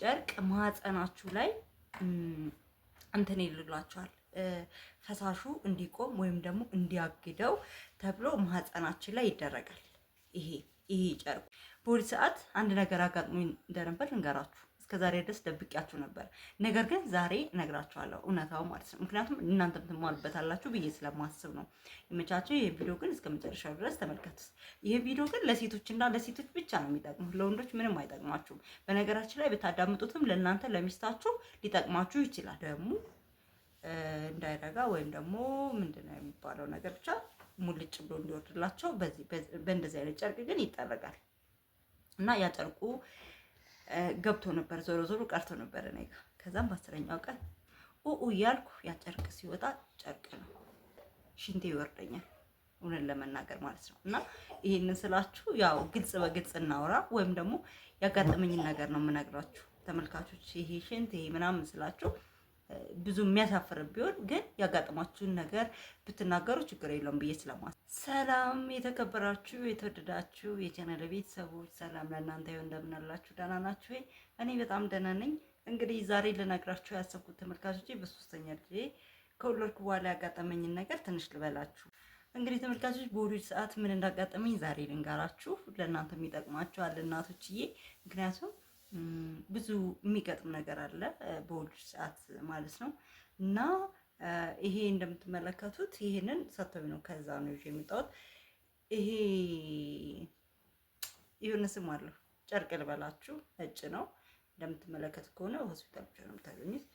ጨርቅ ማህፀናችሁ ላይ እንትን ይልላችኋል ፈሳሹ እንዲቆም ወይም ደግሞ እንዲያግደው ተብሎ ማህፀናችን ላይ ይደረጋል። ይሄ ይሄ ጨርቁ በወዲህ ሰዓት አንድ ነገር አጋጥሞ እንደነበር እንገራችሁ። እስከዛሬ ድረስ ደብቂያችሁ ነበር። ነገር ግን ዛሬ ነግራችኋለሁ እውነታው ማለት ነው። ምክንያቱም እናንተም ትማሩበታላችሁ ብዬ ስለማስብ ነው። የመቻቸው ይህ ቪዲዮ ግን እስከ መጨረሻው ድረስ ተመልከቱ ይህ ቪዲዮ ግን ለሴቶች እና ለሴቶች ብቻ ነው የሚጠቅሙ፣ ለወንዶች ምንም አይጠቅማችሁም። በነገራችን ላይ ብታዳምጡትም ለእናንተ ለሚስታችሁ ሊጠቅማችሁ ይችላል። ደግሞ እንዳይረጋ ወይም ደግሞ ምንድነው የሚባለው ነገር ብቻ ሙልጭ ብሎ እንዲወርድላቸው በእንደዚህ አይነት ጨርቅ ግን ይጠረጋል እና ያጨርቁ ገብቶ ነበር። ዞሮ ዞሮ ቀርቶ ነበር እኔ ጋ። ከዛም በአስረኛው ቀን ኡኡ እያልኩ ያ ጨርቅ ሲወጣ ጨርቅ ነው፣ ሽንቴ ይወርደኛል እውነት ለመናገር ማለት ነው። እና ይህንን ስላችሁ ያው ግልጽ በግልጽ እናውራ፣ ወይም ደግሞ ያጋጠመኝን ነገር ነው የምነግራችሁ ተመልካቾች። ይሄ ሽንት ይሄ ምናምን ስላችሁ ብዙ የሚያሳፍር ቢሆን ግን ያጋጠማችሁን ነገር ብትናገሩ ችግር የለውም ብዬ ስለማስ ሰላም የተከበራችሁ የተወደዳችሁ የቻናል ቤተሰቦች ሰላም ለእናንተ ይሁን። እንደምናላችሁ ደና ደህና ናችሁ ወይ? እኔ በጣም ደህና ነኝ። እንግዲህ ዛሬ ልነግራችሁ ያሰብኩት ተመልካቾች በሶስተኛ ጊዜ ከወለድኩ በኋላ ያጋጠመኝን ነገር ትንሽ ልበላችሁ። እንግዲህ ተመልካቾች በወሊድ ሰዓት ምን እንዳጋጠመኝ ዛሬ ልንገራችሁ። ለእናንተም ይጠቅማችኋል እናቶችዬ፣ ምክንያቱም ብዙ የሚገጥም ነገር አለ በወሊድ ሰዓት ማለት ነው። እና ይሄ እንደምትመለከቱት ይሄንን ሰጥተው ነው ከዛ ነው ይዤ የመጣሁት። ይሄ የሆነ ስም አለው ጨርቅ ልበላችሁ ነጭ ነው። እንደምትመለከት ከሆነ ሆስፒታል ብቻ ነው የምታገኙት።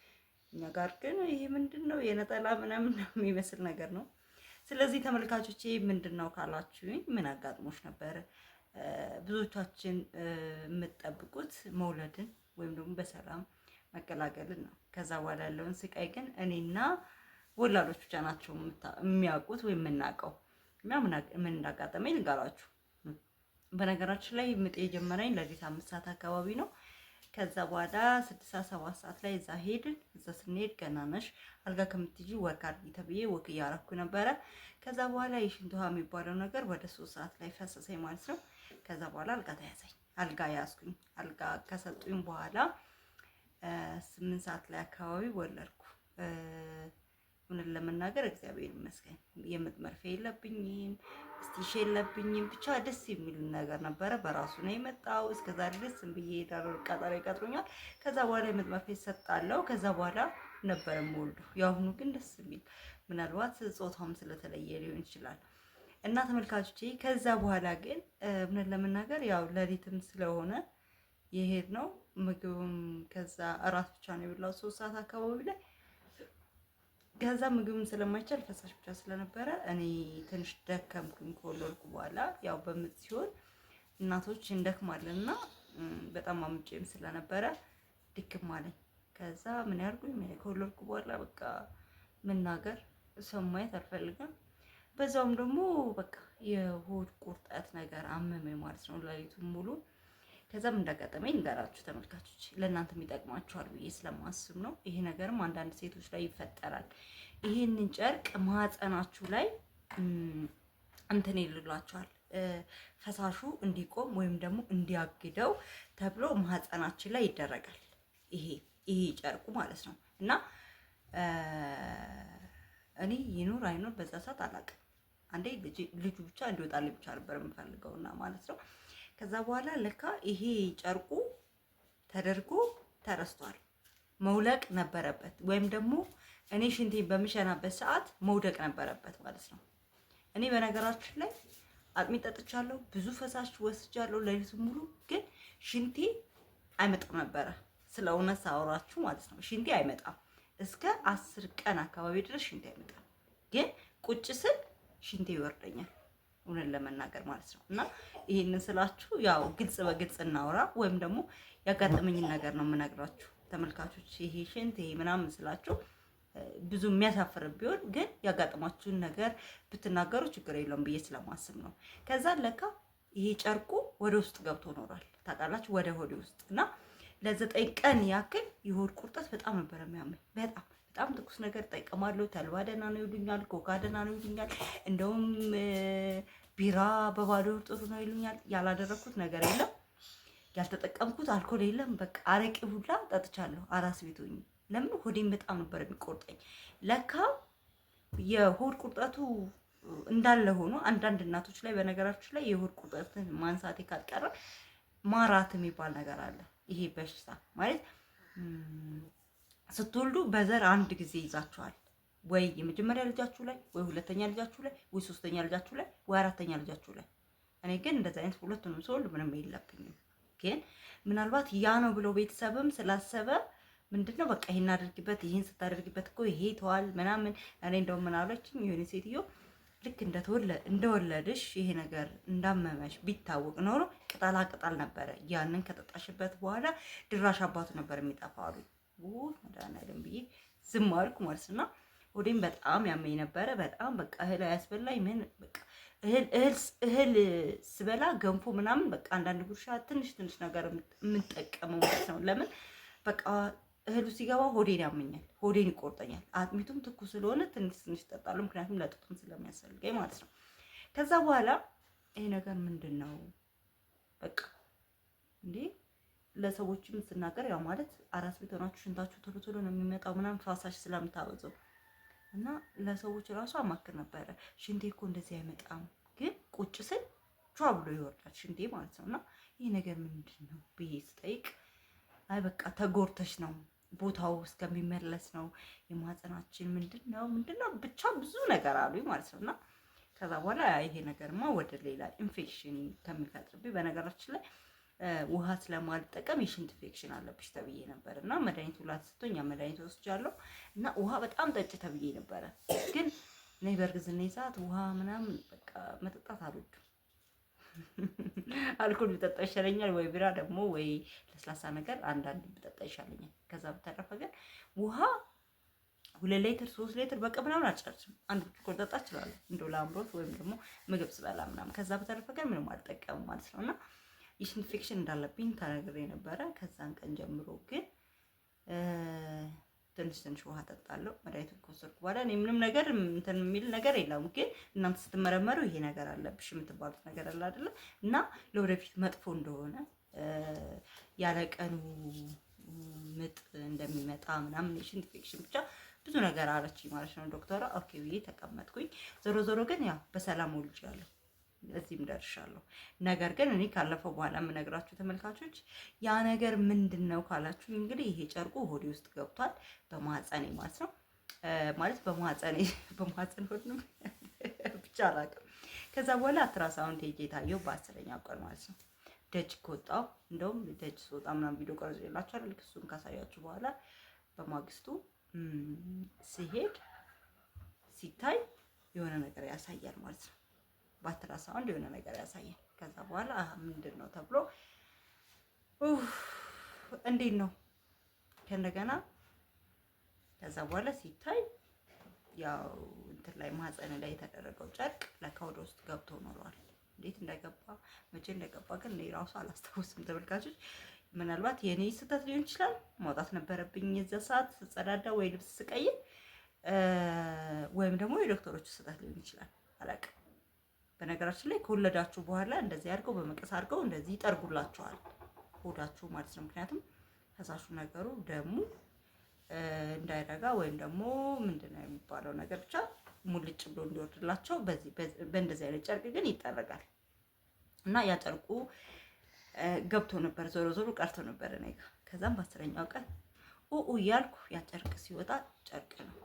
እኛ ጋር ግን ይሄ ምንድን ነው የነጠላ ምናምን የሚመስል ነገር ነው። ስለዚህ ተመልካቾቼ ምንድን ነው ካላችሁኝ ምን አጋጥሞች ነበር? ብዙዎቻችን የምጠብቁት መውለድን ወይም ደግሞ በሰላም መገላገልን ነው። ከዛ በኋላ ያለውን ስቃይ ግን እኔና ወላዶች ብቻ ናቸው የሚያውቁት ወይም የምናውቀው እና ምን እንዳጋጠመኝ ልንገራችሁ። በነገራችን ላይ ምጥ የጀመረኝ ለሊት አምስት ሰዓት አካባቢ ነው። ከዛ በኋላ ስድስት ሰዓት ሰባት ሰዓት ላይ እዛ ሄድን። እዛ ስንሄድ ገና ነሽ አልጋ ከምትጂ ወርክ አድርጊ ተብዬ ወክ እያረኩ ነበረ። ከዛ በኋላ የሽንት ውሃ የሚባለው ነገር ወደ ሶስት ሰዓት ላይ ፈሰሰኝ ማለት ነው። ከዛ በኋላ አልጋ ተያዘኝ። አልጋ ያዝኩኝ። አልጋ ከሰጡኝ በኋላ ስምንት ሰዓት ላይ አካባቢ ወለድኩ። እውነት ለመናገር እግዚአብሔር ይመስገን የምጥ መርፌ የለብኝም፣ ስቲሽ የለብኝም። ብቻ ደስ የሚል ነገር ነበረ። በራሱ ነው የመጣው። እስከዛ ድረስ ዝም ብዬ ሄዳለሁ፣ ቀጠሮ ይቀጥሩኛል። ከዛ በኋላ የምጥ መርፌ እሰጣለሁ። ከዛ በኋላ ነበረ የምወልዱ። የአሁኑ ግን ደስ የሚል ምናልባት ጾታውም ስለተለየ ሊሆን ይችላል እና ተመልካቾች ከዛ በኋላ ግን እውነት ለመናገር ያው ለሊትም ስለሆነ የሄድ ነው ምግብም ከዛ እራት ብቻ ነው የበላው ሶስት ሰዓት አካባቢ ላይ ከዛ ምግብም ስለማይቻል ፈሳሽ ብቻ ስለነበረ እኔ ትንሽ ደከምኩኝ ከወለድኩ በኋላ ያው በምጥ ሲሆን እናቶች እንደክማለን እና በጣም አምጬም ስለነበረ ድክም አለኝ ከዛ ምን ያርጉኝ ከወለድኩ በኋላ በቃ መናገር ሰው ማየት አልፈልግም በዛውም ደግሞ በቃ የሆድ ቁርጠት ነገር አመመኝ ማለት ነው ሌሊቱን ሙሉ። ከዛም እንዳጋጠመኝ እንገራችሁ ተመልካቾች፣ ለእናንተ የሚጠቅማችኋል ብዬ ስለማስብ ነው። ይሄ ነገርም አንዳንድ ሴቶች ላይ ይፈጠራል። ይህንን ጨርቅ ማህፀናችሁ ላይ እንትን ይልላችኋል ፈሳሹ እንዲቆም ወይም ደግሞ እንዲያግደው ተብሎ ማህፀናችን ላይ ይደረጋል። ይሄ ይሄ ጨርቁ ማለት ነው እና እኔ ይኑር አይኑር በዛ ሰዓት አላውቅም። አንዴ ልጁ ብቻ እንዲወጣልኝ ብቻ ነበር የምፈልገውና ማለት ነው። ከዛ በኋላ ለካ ይሄ ጨርቁ ተደርጎ ተረስቷል። መውለቅ ነበረበት ወይም ደግሞ እኔ ሽንቴን በምሸናበት ሰዓት መውደቅ ነበረበት ማለት ነው። እኔ በነገራችን ላይ አጥሚት ጠጥቻለሁ፣ ብዙ ፈሳሽ ወስጃለሁ ሌሊቱ ሙሉ ግን ሽንቴ አይመጣም ነበረ። ስለ እውነት ሳወራችሁ ማለት ነው ሽንቴ አይመጣም እስከ አስር ቀን አካባቢ ድረስ ሽንቴ አይመጣም። ግን ቁጭ ስል ሽንቴ ይወርደኛል እውነት ለመናገር ማለት ነው። እና ይህንን ስላችሁ ያው ግልጽ በግልጽ እናውራ ወይም ደግሞ ያጋጠመኝን ነገር ነው የምነግራችሁ ተመልካቾች። ይሄ ሽንት ይሄ ምናምን ስላችሁ ብዙ የሚያሳፍር ቢሆን ግን ያጋጠማችሁን ነገር ብትናገሩ ችግር የለውም ብዬ ስለማስብ ነው። ከዛ ለካ ይሄ ጨርቁ ወደ ውስጥ ገብቶ ኖሯል። ታውቃላችሁ፣ ወደ ሆዴ ውስጥ እና ለዘጠኝ ቀን ያክል የሆድ ቁርጠት በጣም ነበረ የሚያመኝ በጣም በጣም ትኩስ ነገር እጠቀማለሁ። ተልባ ደህና ነው ይሉኛል። ኮካ ደህና ነው ይሉኛል። እንደውም ቢራ በባዶ ጥሩ ነው ይሉኛል። ያላደረግኩት ነገር የለም፣ ያልተጠቀምኩት አልኮል የለም። በቃ አረቄ ሁላ ጠጥቻለሁ አራስ ቤት ሆኜ። ለምን ሆዴን በጣም ነበር የሚቆርጠኝ። ለካ የሆድ ቁርጠቱ እንዳለ ሆኖ አንዳንድ እናቶች ላይ በነገራችሁ ላይ የሆድ ቁርጠትን ማንሳቴ ካልቀረ ማራት የሚባል ነገር አለ። ይሄ በሽታ ማለት ስትወልዱ በዘር አንድ ጊዜ ይዛችኋል ወይ የመጀመሪያ ልጃችሁ ላይ ወይ ሁለተኛ ልጃችሁ ላይ ወይ ሶስተኛ ልጃችሁ ላይ ወይ አራተኛ ልጃችሁ ላይ። እኔ ግን እንደዚ አይነት ሁለቱንም ሰው ምንም የለብኝም። ግን ምናልባት ያ ነው ብሎ ቤተሰብም ስላሰበ ምንድን ነው በቃ ይሄን አድርግበት፣ ይሄን ስታደርግበት እኮ ይሄ ተዋል ምናምን። እኔ እንደውም ምን አለችኝ የሆነ ሴትዮ ልክ እንደወለድሽ ይሄ ነገር እንዳመመሽ ቢታወቅ ኖሮ ቅጠላ ቅጠል ነበረ ያንን ከጠጣሽበት በኋላ ድራሽ አባቱ ነበር የሚጠፋው አሉኝ። መድኃኒዓለም ብዬ ዝም አልኩ ማለት እና ሆዴም በጣም ያመኝ ነበረ። በጣም በቃ እህል አያስበላኝ ምን በቃ እህል ስበላ ገንፎ ምናምን በቃ አንዳንድ ጉርሻ ትንሽ ትንሽ ነገር የምንጠቀመው ማለት ነው። ለምን በቃ እህሉ ሲገባ ሆዴን ያመኛል፣ ሆዴን ይቆርጠኛል። አጥሚቱም ትኩስ ስለሆነ ትንሽ ትንሽ እጠጣለሁ፣ ምክንያቱም ለጡትም ስለሚያስፈልገኝ ማለት ነው። ከዛ በኋላ ይሄ ነገር ምንድን ነው ለሰዎችም ስናገር ያው ማለት አራስ ቤት ሆናችሁ ሽንታችሁ ቶሎ ቶሎ ነው የሚመጣው ምናምን ፈሳሽ ስለምታበዘው እና ለሰዎች ራሱ አማክር ነበረ። ሽንቴ እኮ እንደዚህ አይመጣም፣ ግን ቁጭ ስል ቿ ብሎ ይወርዳል ሽንቴ ማለት ነው። እና ይህ ነገር ምንድን ነው ብዬ ስጠይቅ አይ በቃ ተጎርተሽ ነው ቦታው እስከሚመለስ ነው የማህፀናችን ምንድን ነው ምንድን ነው ብቻ ብዙ ነገር አሉ ማለት ነው። እና ከዛ በኋላ ይሄ ነገርማ ወደ ሌላ ኢንፌክሽን ከሚፈጥርብኝ በነገራችን ላይ ውሃ ስለማልጠቀም የሽንት ኢንፌክሽን አለብሽ ተብዬ ነበር እና መድኃኒት ሁላ ተሰጥቶኛ መድኃኒት ወስጃለሁ እና ውሃ በጣም ጠጭ ተብዬ ነበረ። ግን እኔ በእርግዝና ሰዓት ውሃ ምናምን በቃ መጠጣት አልወድም። አልኮል ብጠጣ ይሻለኛል፣ ወይ ቢራ ደግሞ ወይ ለስላሳ ነገር አንዳንድ ብጠጣ ይሻለኛል። ከዛ በተረፈ ግን ውሃ ሁለት ሌትር ሶስት ሌትር በቃ ምናምን አልጨርስም። አንድ ብርጭቆ ልጠጣ እችላለሁ እንደው ለአምሮት ወይም ደግሞ ምግብ ስበላ ምናምን። ከዛ በተረፈ ግን ምንም አልጠቀምም ማለት ነው እና ይህ ኢንፌክሽን እንዳለብኝ ተነግሬ ነበረ። ከዛን ቀን ጀምሮ ግን ትንሽ ትንሽ ውሃ ጠጣለሁ። መድኃኒቱን ከወሰድኩ በኋላ እኔ ምንም ነገር እንትን የሚል ነገር የለም። ግን እናንተ ስትመረመሩ ይሄ ነገር አለብሽ የምትባሉት ነገር አለ አይደለ? እና ለወደፊት መጥፎ እንደሆነ ያለ ቀኑ ምጥ እንደሚመጣ ምናምን ኢንፌክሽን ብቻ ብዙ ነገር አለችኝ ማለት ነው ዶክተሯ። ኦኬ ብዬ ተቀመጥኩኝ። ዞሮ ዞሮ ግን ያው በሰላም ወልጃለሁ። እዚህም ደርሻለሁ። ነገር ግን እኔ ካለፈው በኋላ የምነግራችሁ ተመልካቾች ያ ነገር ምንድን ነው ካላችሁ እንግዲህ ይሄ ጨርቁ ሆዴ ውስጥ ገብቷል፣ በማህፀኔ ማለት ነው ማለት በማህፀኔ በማህፀን ሆድንም ብቻ አላውቅም። ከዛ በኋላ አትራሳውንድ ሄጄ የታየው በአስረኛ ቀን ማለት ነው ደጅ ከወጣሁ እንደውም ደጅ ስወጣ ምናምን ቪዲዮ ቀርጾ የላችኋል። ልክ እሱን ካሳያችሁ በኋላ በማግስቱ ሲሄድ ሲታይ የሆነ ነገር ያሳያል ማለት ነው። ባትራሳውንድ የሆነ ነገር ያሳየን። ከዛ በኋላ ምንድን ነው ተብሎ እንዴት ነው ከእንደገና ከዛ በኋላ ሲታይ ያው እንትን ላይ ማህፀን ላይ የተደረገው ጨርቅ ለካ ወደ ውስጥ ገብቶ ኖሯል። እንዴት እንደገባ መቼ እንደገባ ግን እኔ ራሱ አላስታውስም። ተመልካቾች ምናልባት የእኔ ስህተት ሊሆን ይችላል። ማውጣት ነበረብኝ የዛ ሰዓት ስጸዳዳ ወይ ልብስ ስቀይር፣ ወይም ደግሞ የዶክተሮቹ ስህተት ሊሆን ይችላል። አላውቅም። በነገራችን ላይ ከወለዳችሁ በኋላ እንደዚህ አድርገው በመቀስ አድርገው እንደዚህ ይጠርጉላችኋል ሆዳችሁ ማለት ነው። ምክንያቱም ፈሳሹ ነገሩ ደሙ እንዳይረጋ ወይም ደግሞ ምንድን ነው የሚባለው ነገር ብቻ ሙልጭ ብሎ እንዲወርድላቸው በእንደዚህ አይነት ጨርቅ ግን ይጠረጋል እና ያ ጨርቁ ገብቶ ነበር። ዞሮ ዞሮ ቀርቶ ነበር እኔ ጋር። ከዛም በአስረኛው ቀን ኡኡ እያልኩ ያ ጨርቅ ሲወጣ ጨርቅ ነው።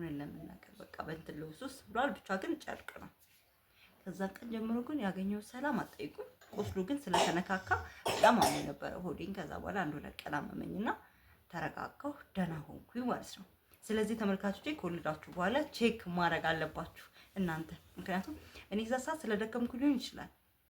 ምን ለመናገር በቃ በእንትን ልብስ ውስጥ ብሏል። ብቻ ግን ጨርቅ ነው። ከዛን ቀን ጀምሮ ግን ያገኘው ሰላም አጠይቁኝ። ቁስሉ ግን ስለተነካካ በጣም አሞኝ ነበረ ሆዴን። ከዛ በኋላ አንድ ሁለት ቀን አመመኝና ተረጋጋሁ፣ ደህና ሆንኩኝ ማለት ነው። ስለዚህ ተመልካቾቼ ከወለዳችሁ በኋላ ቼክ ማድረግ አለባችሁ እናንተ። ምክንያቱም እኔ እዛ ሰዓት ስለደከምኩ ሊሆን ይችላል